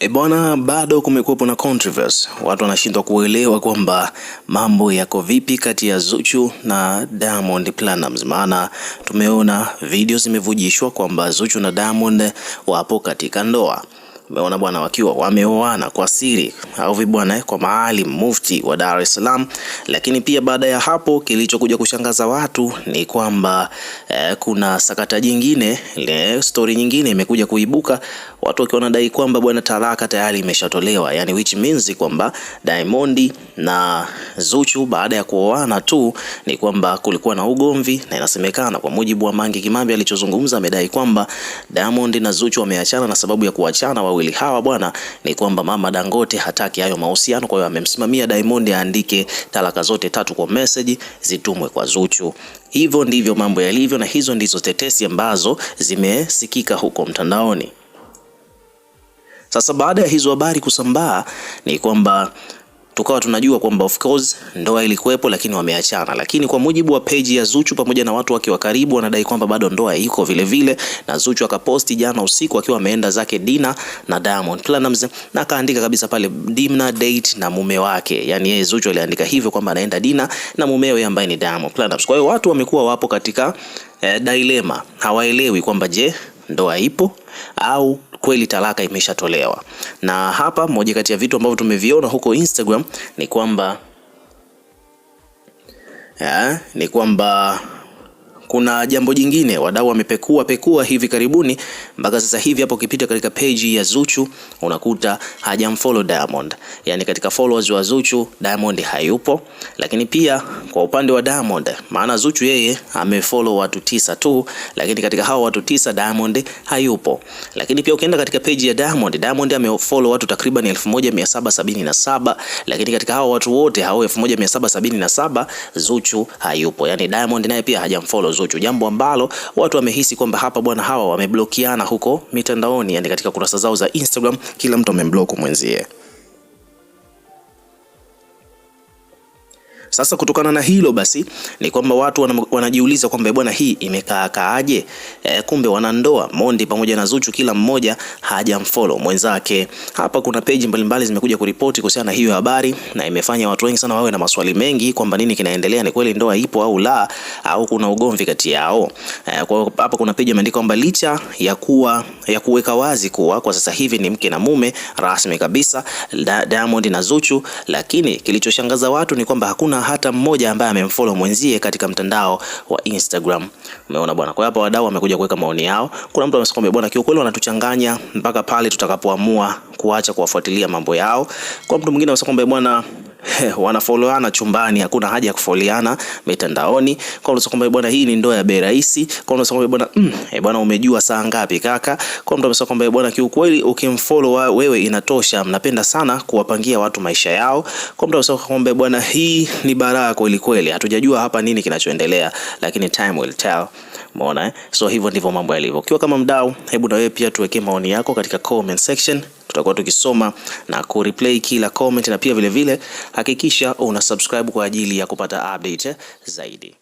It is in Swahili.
E bwana, bado kumekuwepo na controversy. Watu wanashindwa kuelewa kwamba mambo yako vipi kati ya Zuchu na Diamond Platnumz, maana tumeona video zimevujishwa kwamba Zuchu na Diamond wapo katika ndoa, Umeona bwana, wakiwa wameoana kwa siri au vibwana, kwa Maalim Mufti wa Dar es Salaam. Lakini pia baada ya hapo kilichokuja kushangaza watu ni kwamba eh, kuna sakata jingine, story nyingine imekuja kuibuka, watu wakiwa wanadai kwamba bwana, talaka tayari imeshatolewa, yani which means kwamba Diamond na Zuchu baada ya kuoana tu ni kwamba kulikuwa na ugomvi, na inasemekana kwa mujibu wa Mange Kimambi alichozungumza, amedai kwamba Diamond na Zuchu wameachana, na sababu ya kuachana wawili hawa bwana ni kwamba mama Dangote hataki hayo mahusiano, kwa hiyo amemsimamia Diamond aandike talaka zote tatu kwa message zitumwe kwa Zuchu. Hivyo ndivyo mambo yalivyo, na hizo ndizo tetesi ambazo zimesikika huko mtandaoni. Sasa baada ya hizo habari kusambaa ni kwamba tukawa tunajua kwamba of course ndoa ilikuwepo, lakini wameachana. Lakini kwa mujibu wa peji ya Zuchu pamoja na watu wake wa karibu, wanadai kwamba bado ndoa iko vile vile, na Zuchu akaposti jana usiku akiwa ameenda zake dina na Diamond Platnumz, na akaandika kabisa pale dina date na mume wake, yani yeye Zuchu aliandika hivyo kwamba anaenda dina na mumewe ambaye ni Diamond Platnumz. Kwa hiyo watu wamekuwa wapo katika eh, dilema, hawaelewi kwamba je ndoa ipo au kweli talaka imeshatolewa. Na hapa moja kati ya vitu ambavyo tumeviona huko Instagram ni kwamba ya, eh, ni kwamba kuna jambo jingine wadau wamepekua pekua hivi karibuni, mpaka sasa hivi hapo, ukipita katika peji ya Zuchu unakuta hajamfollow Diamond, yani katika followers wa Zuchu Diamond hayupo. Lakini pia kwa upande wa Diamond, maana Zuchu yeye amefollow watu tisa tu, lakini katika hao watu tisa Diamond hayupo. Lakini pia ukienda katika peji ya Diamond, Diamond amefollow watu takriban 1777 lakini katika hao watu wote hao 1777 Zuchu hayupo, yani Diamond naye pia hajamfollow Zuchu, jambo ambalo watu wamehisi kwamba hapa bwana, hawa wameblokiana huko mitandaoni, yani katika kurasa zao za Instagram, kila mtu amemblock mwenzie. Sasa kutokana na hilo basi ni kwamba watu wanajiuliza kwamba bwana, hii imekaa kaaje? E, kumbe wanandoa Mondi pamoja na Zuchu kila mmoja hajamfollow mwenzake. Hapa kuna page mbalimbali zimekuja kuripoti kuhusiana na hiyo habari, na imefanya watu wengi sana wawe na maswali mengi kwamba nini kinaendelea, ni kweli ndoa ipo au la, au kuna ugomvi kati yao? E, kwa hapa kuna page imeandika kwamba licha ya kuwa ya kuweka wazi kuwa kwa sasa hivi ni mke na mume rasmi kabisa Diamond na Zuchu, lakini kilichoshangaza watu ni kwamba hakuna hata mmoja ambaye amemfollow mwenzie katika mtandao wa Instagram. Umeona bwana, kwa hapa wadau wamekuja kuweka maoni yao. Kuna mtu amesema bwana, kiukweli wanatuchanganya mpaka pale tutakapoamua kuacha kuwafuatilia mambo yao. Kwa mtu mwingine amesema bwana wanafauliana chumbani, hakuna haja ya kufauliana mitandaoni. Kwa unasema kwamba bwana, hii ni ndoa ya bei rahisi. Kwa unasema kwamba bwana, mm, eh bwana, umejua saa ngapi kaka? Kwa mtu amesema kwamba bwana, kiukweli ukimfollow wewe inatosha, mnapenda sana kuwapangia watu maisha yao. Kwa mtu amesema kwamba bwana, hii ni baraka kweli kweli, hatujajua hapa nini kinachoendelea, lakini time will tell. Umeona eh? So hivyo ndivyo mambo yalivyo. Ukiwa kama mdau, hebu na wewe pia tuwekee maoni yako katika comment section tutakuwa tukisoma na kureplay kila comment, na pia vilevile hakikisha una subscribe kwa ajili ya kupata update zaidi.